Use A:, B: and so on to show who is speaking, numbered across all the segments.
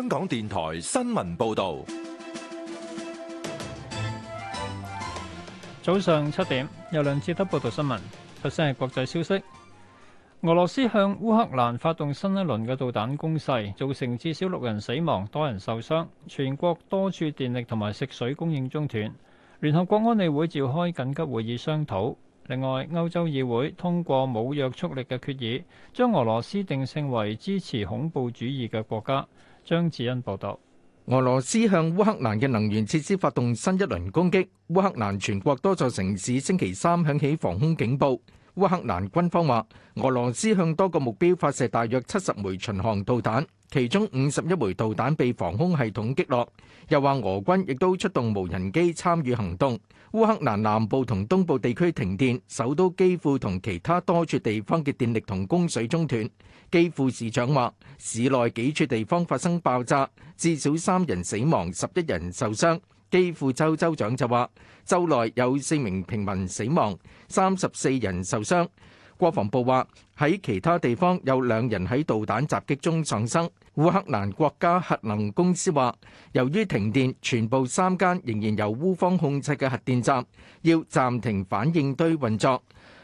A: 香港
B: 電
C: 台新聞報道，早上七點有梁志德報道新聞。首先係國際消息：俄羅斯向烏克蘭發動新一輪嘅導彈攻勢，造成至少六人死亡，多人受傷。全國多處電力同埋食水供應中斷。聯合國安理會召開緊急會議商討。另外，歐洲議會通過冇約束力嘅決議，將俄羅斯定性為支持恐怖主義嘅國家。張智恩報道：
B: 俄羅斯向烏克蘭嘅能源設施發動新一輪攻擊，烏克蘭全國多座城市星期三響起防空警報。烏克蘭軍方話，俄羅斯向多個目標發射大約七十枚巡航導彈。其中五十一枚導彈被防空系統擊落，又話俄軍亦都出動無人機參與行動。烏克蘭南部同東部地區停電，首都基輔同其他多處地方嘅電力同供水中斷。基輔市長話，市內幾處地方發生爆炸，至少三人死亡，十一人受傷。基輔州州長就話，州內有四名平民死亡，三十四人受傷。國防部話喺其他地方有兩人喺導彈襲擊中喪生。烏克蘭國家核能公司話，由於停電，全部三間仍然由烏方控制嘅核電站要暫停反應堆運作。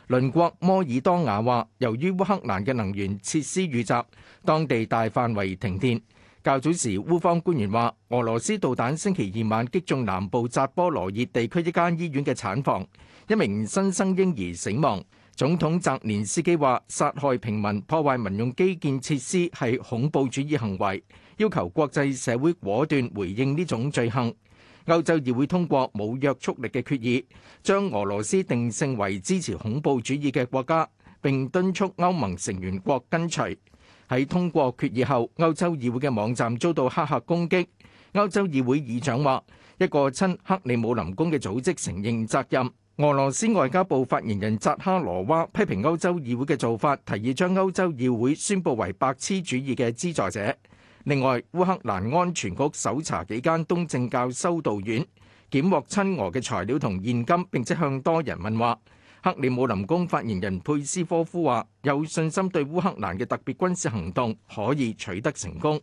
B: 鄰國摩爾多瓦話，由於烏克蘭嘅能源設施遇襲，當地大範圍停電。較早時，烏方官員話，俄羅斯導彈星期二晚擊中南部扎波羅熱地區一間醫院嘅產房，一名新生嬰兒死亡。總統澤連斯基話：殺害平民、破壞民用基建設施係恐怖主義行為，要求國際社會果斷回應呢種罪行。歐洲議會通過冇約束力嘅決議，將俄羅斯定性為支持恐怖主義嘅國家，並敦促歐盟成員國跟隨。喺通過決議後，歐洲議會嘅網站遭到黑客攻擊。歐洲議會議長話：一個親克里姆林宮嘅組織承認責任。俄羅斯外交部發言人扎哈羅娃批評歐洲議會嘅做法，提議將歐洲議會宣佈為白痴主義嘅資助者。另外，烏克蘭安全局搜查幾間東正教修道院，檢獲親俄嘅材料同現金，並且向多人問話。克里姆林宮發言人佩斯科夫話：有信心對烏克蘭嘅特別軍事行動可以取得成功。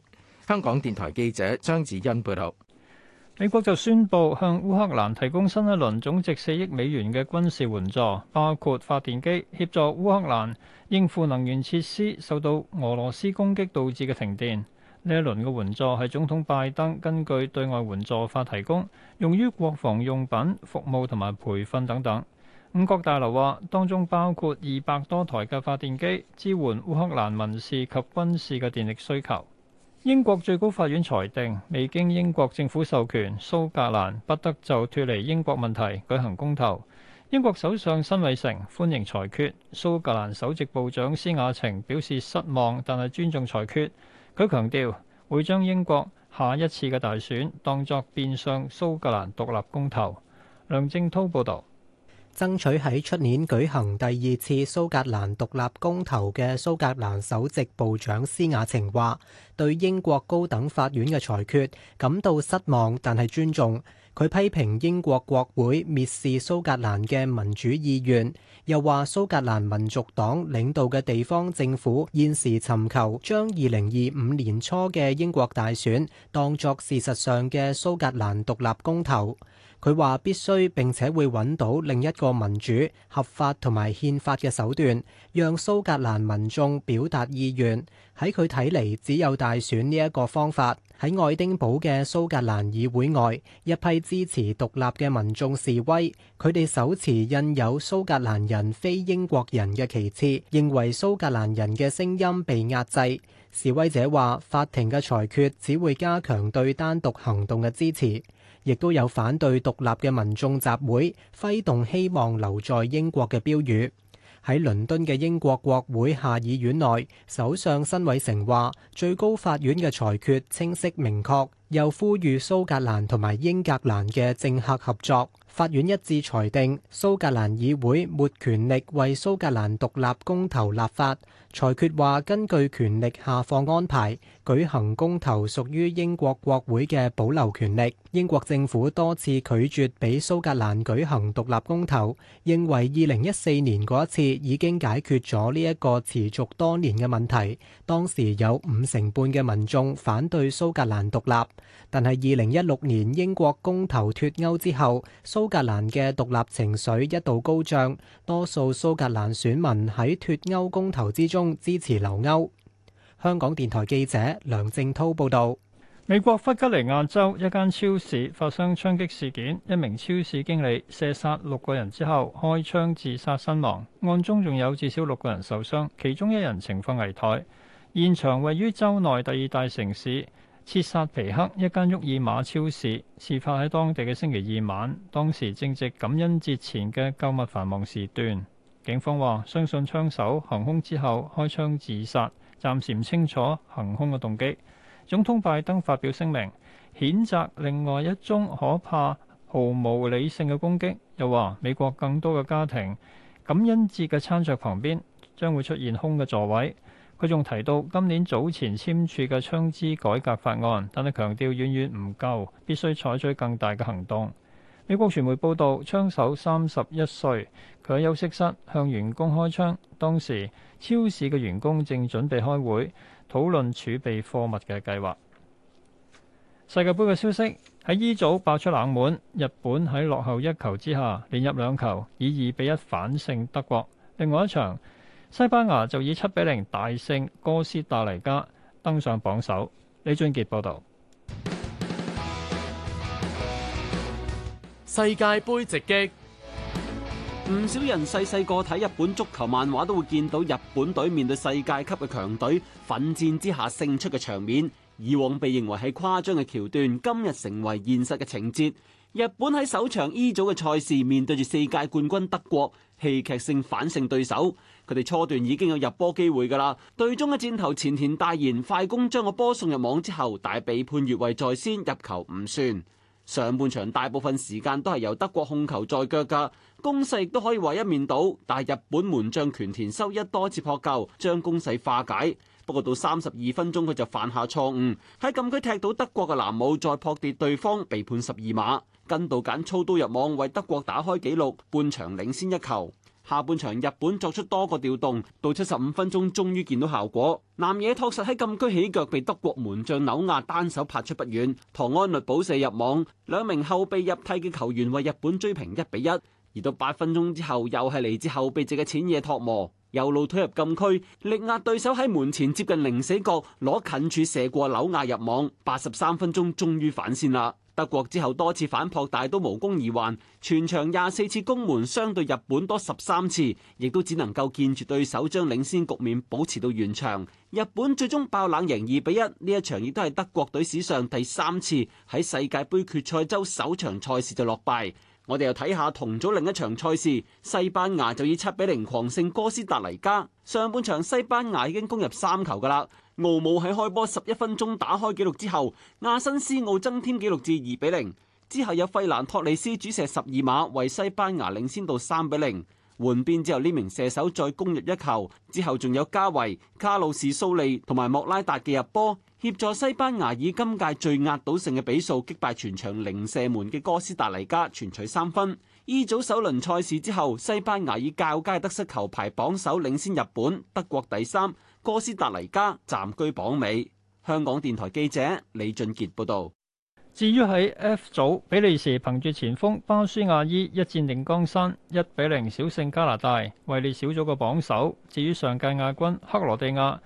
B: 香港電台記者
C: 張子欣報道。美國就宣布向烏克蘭提供新一輪總值四億美元嘅軍事援助，包括發電機，協助烏克蘭應付能源設施受到俄羅斯攻擊導致嘅停電。呢一輪嘅援助係總統拜登根據對外援助法提供，用於國防用品、服務同埋培訓等等。五角大樓話，當中包括二百多台嘅發電機，支援烏克蘭民事及軍事嘅電力需求。英國最高法院裁定，未經英國政府授權，蘇格蘭不得就脱離英國問題舉行公投。英國首相辛偉誠歡迎裁決，蘇格蘭首席部長施雅晴表示失望，但係尊重裁決。佢強調會將英國下一次嘅大選當作變相蘇格蘭獨立公投。梁正滔報導。
D: 爭取喺出年舉行第二次蘇格蘭獨立公投嘅蘇格蘭首席部長施雅晴話：對英國高等法院嘅裁決感到失望，但係尊重。佢批評英國國會蔑視蘇格蘭嘅民主意願，又話蘇格蘭民族黨領導嘅地方政府現時尋求將二零二五年初嘅英國大選當作事實上嘅蘇格蘭獨立公投。佢話必須並且會揾到另一個民主、合法同埋憲法嘅手段，讓蘇格蘭民眾表達意願。喺佢睇嚟，只有大選呢一個方法。喺愛丁堡嘅蘇格蘭議會外，一批支持獨立嘅民眾示威，佢哋手持印有蘇格蘭人非英國人嘅旗幟，認為蘇格蘭人嘅聲音被壓制。示威者話：法庭嘅裁決只會加強對單獨行動嘅支持，亦都有反對獨立嘅民眾集會，揮動希望留在英國嘅標語。喺倫敦嘅英國國會下議院內，首相辛偉誠話：最高法院嘅裁決清晰明確，又呼籲蘇格蘭同埋英格蘭嘅政客合作。法院一致裁定，蘇格蘭議會沒權力為蘇格蘭獨立公投立法。裁決話，根據權力下放安排，舉行公投屬於英國國會嘅保留權力。英國政府多次拒絕俾蘇格蘭舉行獨立公投，認為2014年嗰一次已經解決咗呢一個持續多年嘅問題，當時有五成半嘅民眾反對蘇格蘭獨立，但係2016年英國公投脫歐之後，蘇蘇格蘭嘅獨立情緒一度高漲，多數蘇格蘭選民喺脫歐公投之中支持留歐。香港電台記者梁正濤報道。美國弗
C: 吉尼亞州一間超市發生槍擊事件，一名超市經理射殺六個人之後開槍自殺身亡，案中仲有至少六個人受傷，其中一人情況危殆。現場位於州內第二大城市。切薩皮克一間沃爾瑪超市，事發喺當地嘅星期二晚，當時正值感恩節前嘅購物繁忙時段。警方話相信槍手行兇之後開槍自殺，暫時唔清楚行兇嘅動機。總統拜登發表聲明，譴責另外一宗可怕、毫無理性嘅攻擊，又話美國更多嘅家庭感恩節嘅餐桌旁邊將會出現空嘅座位。佢仲提到今年早前簽署嘅槍支改革法案，但係強調遠遠唔夠，必須採取更大嘅行動。美國傳媒報道，槍手三十一歲，佢喺休息室向員工開槍，當時超市嘅員工正準備開會討論儲備貨物嘅計劃。世界盃嘅消息喺 E 組爆出冷門，日本喺落後一球之下連入兩球，以二比一反勝德國。另外一場，西班牙就以七比零大勝哥斯達黎加，登上榜首。李俊杰報道。
E: 世界杯直擊，唔少人細細個睇日本足球漫畫都會見到日本隊面對世界級嘅強隊，奮戰之下勝出嘅場面，以往被認為係誇張嘅橋段，今日成為現實嘅情節。日本喺首場 E 組嘅賽事面對住世界冠軍德國，戲劇性反勝對手。佢哋初段已經有入波機會㗎喇，隊中嘅箭頭前田大賢快攻將個波送入網之後，但係被判越位在先，入球唔算。上半場大部分時間都係由德國控球在腳㗎，攻勢亦都可以話一面倒。但係日本門將權田修一多次撲救，將攻勢化解。不過到三十二分鐘佢就犯下錯誤，喺禁區踢到德國嘅藍帽，再撲跌對方，被判十二碼，跟到簡操刀入網，為德國打開紀錄，半場領先一球。下半場日本作出多個調動，到七十五分鐘終於見到效果。南野拓實喺禁區起腳，被德國門將紐亞單手拍出不遠，唐安律補射入網。兩名後備入替嘅球員為日本追平一比一。而到八分鐘之後，又係嚟自後備席嘅淺野拓磨右路推入禁區，力壓對手喺門前接近零死角攞近柱射過紐亞入網。八十三分鐘終於反先啦。德國之後多次反撲，但都無功而還，全場廿四次攻門，相對日本多十三次，亦都只能夠見住對手將領先局面保持到完場。日本最終爆冷贏二比一，呢一場亦都係德國隊史上第三次喺世界盃決賽周首場賽事就落敗。我哋又睇下同組另一場賽事，西班牙就以七比零狂勝哥斯達黎加。上半場西班牙已經攻入三球噶啦。奧姆喺開波十一分鐘打開紀錄之後，亞新斯奧增添紀錄至二比零。之後有費蘭托里斯主射十二碼，為西班牙領先到三比零。換邊之後呢名射手再攻入一球，之後仲有加維、卡路士、蘇利同埋莫拉達嘅入波協助西班牙以今屆最壓倒性嘅比數擊敗全場零射門嘅哥斯達黎加，全取三分。E 組首輪賽事之後，西班牙以較佳得失球排榜首，領先日本、德國第三，哥斯達黎加暫居榜尾。香港電台記者李俊杰報道。
C: 至於喺 F 組，比利時憑住前鋒巴舒亞伊一戰定江山，一比零小勝加拿大，位列小組嘅榜首。至於上屆亞軍克羅地亞，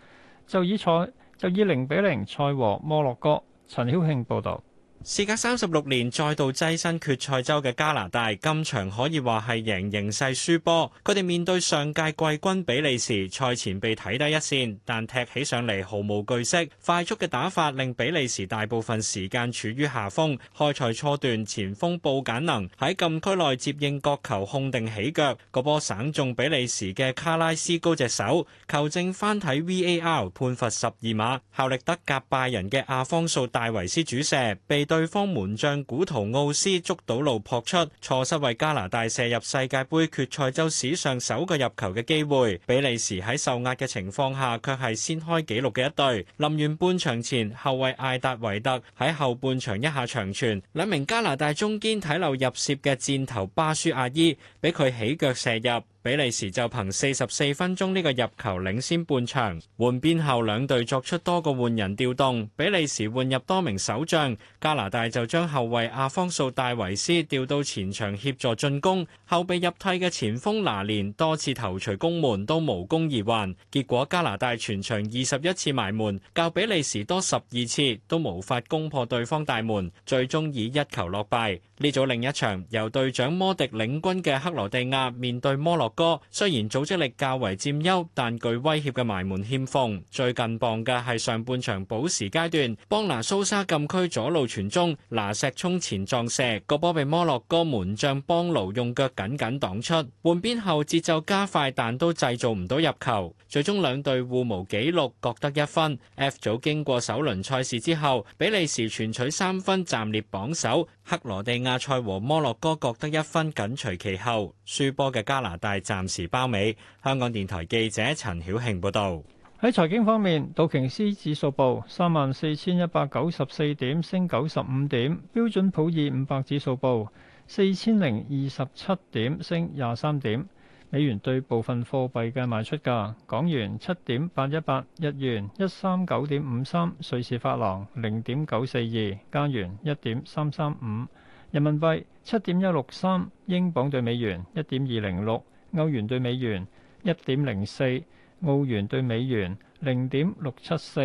C: 就以賽就以零比零賽和摩洛哥。陳曉慶報
A: 道。事隔三十六年再度躋身決賽周嘅加拿大，今場可以話係贏形勢輸波。佢哋面對上屆季軍比利時，賽前被睇低一線，但踢起上嚟毫無懼色。快速嘅打法令比利時大部分時間處於下風。開賽初段，前鋒布簡能喺禁區內接應角球控定起腳，個波省中比利時嘅卡拉斯高隻手，球證翻睇 VAR 判罰十二碼，效力德甲拜仁嘅阿方素戴維斯主射，被對。對方門將古圖奧斯捉到路撲出，錯失為加拿大射入世界杯決賽周史上首個入球嘅機會。比利時喺受壓嘅情況下，卻係先開紀錄嘅一隊。臨完半場前，後衛艾達維特喺後半場一下長傳，兩名加拿大中堅睇漏入楔嘅箭頭巴舒亞伊俾佢起腳射入。比利時就憑四十四分鐘呢個入球領先半場，換邊後兩隊作出多個換人調動，比利時換入多名守將，加拿大就將後衛阿方素戴維斯調到前場協助進攻。後備入替嘅前鋒拿連多次頭槌攻門都無功而還，結果加拿大全場二十一次埋門，較比利時多十二次，都無法攻破對方大門，最終以一球落敗。呢組另一場由隊長摩迪領軍嘅克羅地亞面對摩洛哥雖然組織力較為佔優，但具威脅嘅埋門欠奉。最近磅嘅係上半場補時階段，邦拿蘇沙禁區左路傳中，拿石衝前撞射，個波被摩洛哥門將邦奴用腳緊緊擋出。換邊後節奏加快，但都製造唔到入球。最終兩隊互無紀錄，各得一分。F 組經過首輪賽事之後，比利時全取三分暫列榜首，克羅地亞賽和摩洛哥各得一分緊隨其後。輸波嘅加拿大。暫時包尾。香港電台記者陳曉慶報道：
C: 喺財經方面，道瓊斯指數報三萬四千一百九十四點，升九十五點；標準普爾五百指數報四千零二十七點，升廿三點。美元對部分貨幣嘅賣出價：港元七點八一八，日元一三九點五三，瑞士法郎零點九四二，加元一點三三五，人民幣七點一六三，英鎊對美元一點二零六。歐元對美元一點零四，澳元對美元零點六七四，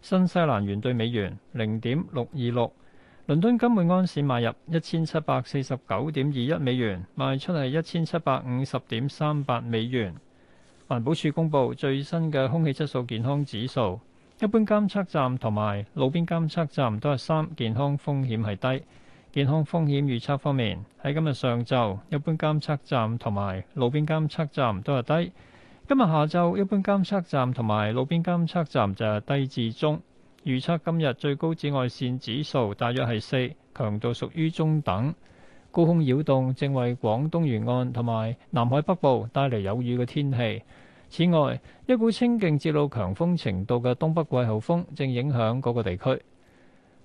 C: 新西蘭元對美元零點六二六。倫敦金每安士買入一千七百四十九點二一美元，賣出係一千七百五十點三八美元。環保署公佈最新嘅空氣質素健康指數，一般監測站同埋路邊監測站都係三，健康風險係低。健康風險預測方面，喺今日上晝一般監測站同埋路邊監測站都係低。今日下晝一般監測站同埋路邊監測站就係低至中。預測今日最高紫外線指數大約係四，強度屬於中等。高空擾動正為廣東沿岸同埋南海北部帶嚟有雨嘅天氣，此外，一股清勁接露強風程度嘅東北季候風正影響嗰個地區。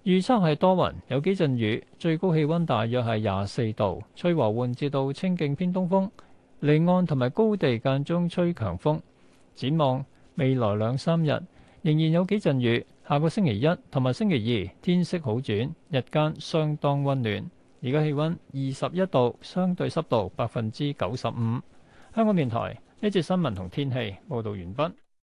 C: 預測係多雲，有幾陣雨，最高氣溫大約係廿四度，吹和緩至到清勁偏東風，離岸同埋高地間中吹強風。展望未來兩三日，仍然有幾陣雨，下個星期一同埋星期二天色好轉，日間相當溫暖。而家氣溫二十一度，相對濕度百分之九十五。香港電台呢節新聞同天氣報道完畢。